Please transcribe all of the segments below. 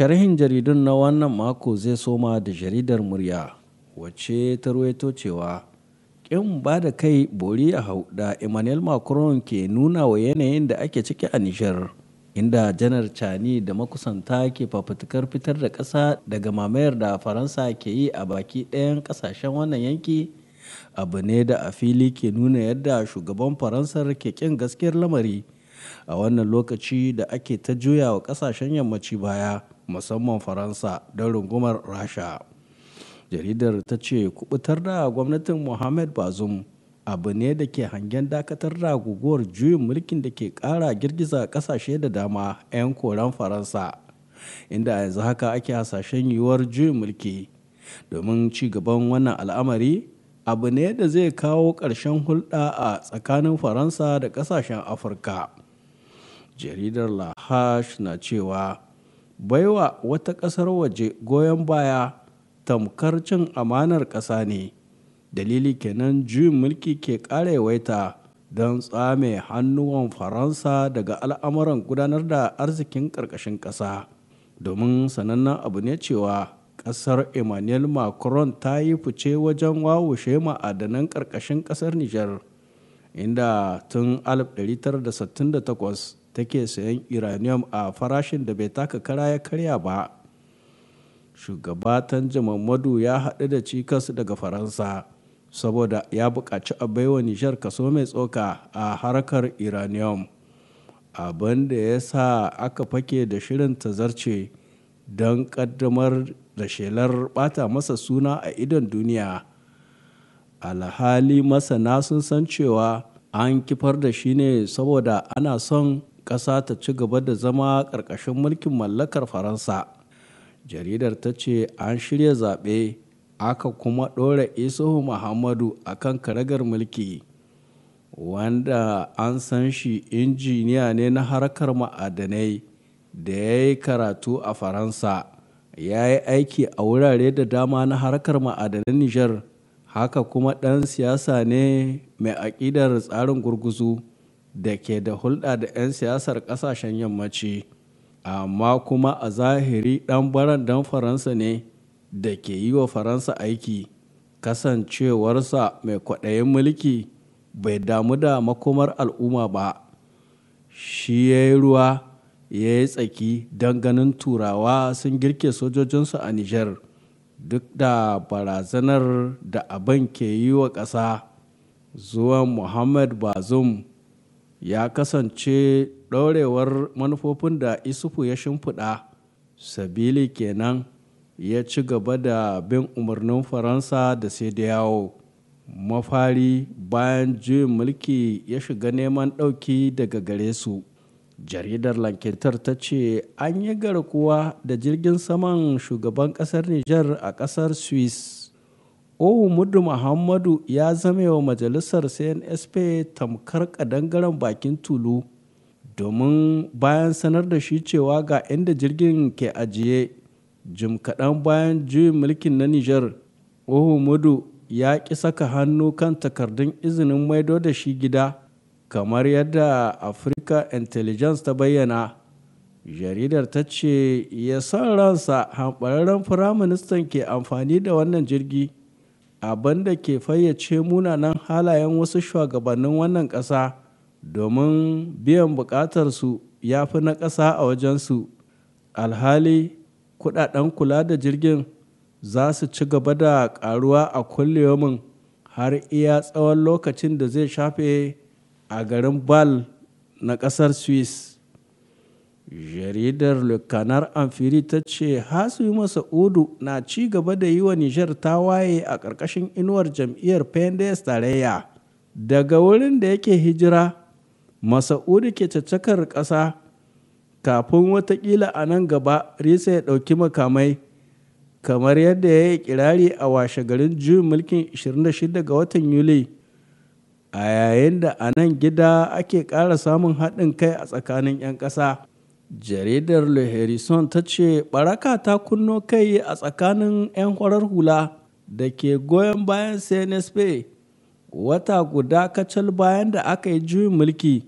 Sharhin jaridun na wannan mako zai soma da jaridar murya wacce ta ruwaito cewa ƙin ba da kai bori a hau da Emmanuel Macron ke nuna wa yanayin da ake ciki a Nijar. Inda janar Cani da makusanta ke fafutukar fitar da ƙasa daga mamayar da Faransa ke yi a baki ɗayan ƙasashen wannan yanki abu ne da a fili ke nuna yadda shugaban Faransar ke ƙin gaskiyar lamari. a wannan lokaci da ake ta juya wa kasashen yammaci baya musamman faransa don rungumar rasha jaridar ta ce kubutar da gwamnatin mohamed bazoum abu ne da ke hangen dakatar da guguwar juyin mulkin da ke kara girgiza kasashe da dama 'yan koren faransa inda a yanzu haka ake hasashen yiwuwar juyin mulki domin ci gaban wannan al'amari abu ne da zai kawo ƙarshen hulɗa a tsakanin faransa da ƙasashen afirka jaridar lahash na cewa baiwa wata ƙasar waje goyon baya tamkar cin amanar ƙasa ne dalili kenan juyin mulki ke ƙara yawaita don tsame hannuwan faransa daga al'amuran gudanar da arzikin ƙarƙashin ƙasa domin sanannen abu ne cewa ƙasar emmanuel macron ta yi fice wajen wawushe ma'adanan ƙarƙashin ƙasar niger inda tun 1968 take sayan uranium a farashin da bai taka kara ya karya ba shugaba tanja mamadu ya haɗu da cikas daga faransa saboda ya buƙaci a baiwa nishar kaso mai tsoka a harkar uranium abin da ya sa aka fake da shirin tazarce don ƙaddamar da shelar ɓata masa suna a idon duniya alhali masana sun san cewa an kifar da shi ne saboda ana son ƙasa ta ci gaba da zama ƙarƙashin mulkin mallakar faransa jaridar ta ce an shirya zaɓe aka kuma ɗora isuhu muhammadu a kan karagar mulki wanda an san shi injiniya ne na harkar ma'adanai da ya yi karatu a faransa ya yi aiki a wurare da dama na harkar ma'adanan nijar haka kuma ɗan siyasa ne mai aƙidar tsarin gurguzu da ke da hulɗa da 'yan siyasar ƙasashen yammaci amma kuma a zahiri ɗan baran dan faransa ne da ke yi wa faransa aiki kasancewarsa mai kwaɗayin mulki bai damu da makomar al'umma ba shi ya yi ruwa ya yi tsaki don ganin turawa sun girke sojojinsu a niger duk da barazanar da abin ke yi wa ƙasa zuwan muhammad bazum ya kasance ɗorewar manufofin da isufu ya shimfiɗa sabili kenan ya ci gaba da bin umarnin faransa da sai da yawo mafari bayan juyin mulki ya shiga neman ɗauki daga gare su jaridar lankitar ta ce an yi garkuwa da jirgin saman shugaban ƙasar niger a ƙasar swiss ohu mudu Muhammadu ya zama wa majalisar CNSP tamkar kadangaren bakin tulu domin bayan sanar da shi cewa ga inda jirgin ke ajiye jim kaɗan bayan juyin mulkin na Nijar, ohu mudu ya ƙi saka hannu kan takardun izinin maido da shi gida kamar yadda Africa Intelligence ta bayyana. jaridar ta ce ya san ransa hamɓararren firaministan ke amfani da wannan jirgi abin da ke fayyace munanan halayen wasu shugabannin wannan ƙasa domin biyan buƙatarsu ya fi na ƙasa a wajensu alhali kudaden kula da jirgin za su ci gaba da ƙaruwa a kulliyomin har iya tsawon lokacin da zai shafe a garin bal na ƙasar swiss jaridar le canar amfiri ta ce hasu masa udu na ci gaba da yi wa nijar waye a ƙarƙashin inuwar jam'iyyar pendes tarayya daga wurin da yake hijira masa'udu ke caccakar ƙasa kafin watakila a nan gaba risa ya ɗauki makamai kamar yadda ya yi kirari a washe garin juyin mulkin 26 ga watan yuli a yayin da a nan gida ake ƙara samun haɗin kai a tsakanin 'yan ƙasa jaridar le harrison ta ce baraka ta kunno kai a tsakanin 'yan kwarar hula da ke goyon bayan cnsp wata guda kacal bayan da aka yi juyin mulki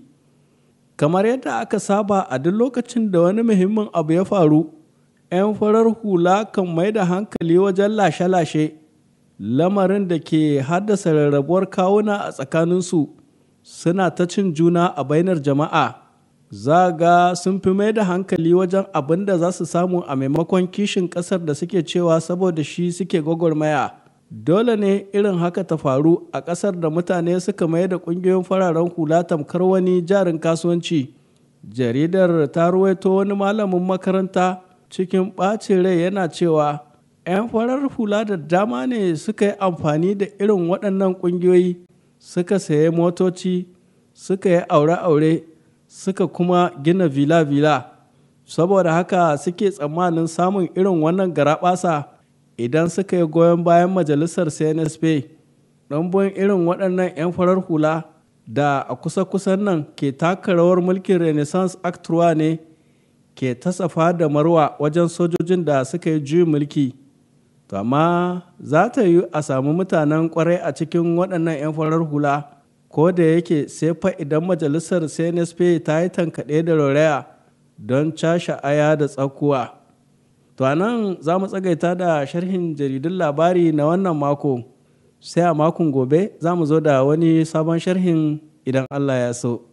kamar yadda aka saba a duk lokacin da wani muhimmin abu ya faru 'yan farar hula kan mai da hankali wajen lashe-lashe lamarin da ke haddasa rarrabuwar kawuna a tsakaninsu suna ta cin juna a bainar jama'a Zaga sun fi mai da hankali wajen abin da za su samu a maimakon kishin ƙasar da suke cewa saboda shi suke gwagwarmaya dole ne irin haka ta faru a ƙasar da mutane suka mai da ƙungiyoyin fararen hula tamkar wani jarin kasuwanci jaridar ta ruwaito wani malamin makaranta cikin ɓacin rai yana cewa 'yan farar hula da dama ne suka yi amfani da irin waɗannan ƙungiyoyi suka saye motoci suka yi aure-aure suka kuma gina vila-vila saboda haka suke tsammanin samun irin wannan garaɓasa idan suka yi goyon bayan majalisar cnsp ɗanbun irin waɗannan 'yan farar hula da a kusa-kusan nan ke taka rawar mulkin renaissance actua ne ke tasafa da marwa wajen sojojin da suka yi juyin mulki to amma za ta yi a samu mutanen kwarai a cikin waɗannan 'yan farar hula ko da yake sai fa idan majalisar cnsp ta yi tankaɗe da roraya don cashe aya da tsakuwa to nan za mu tsagaita da sharhin jaridun labari na wannan mako sai a makon gobe za mu zo da wani sabon sharhin idan allah ya so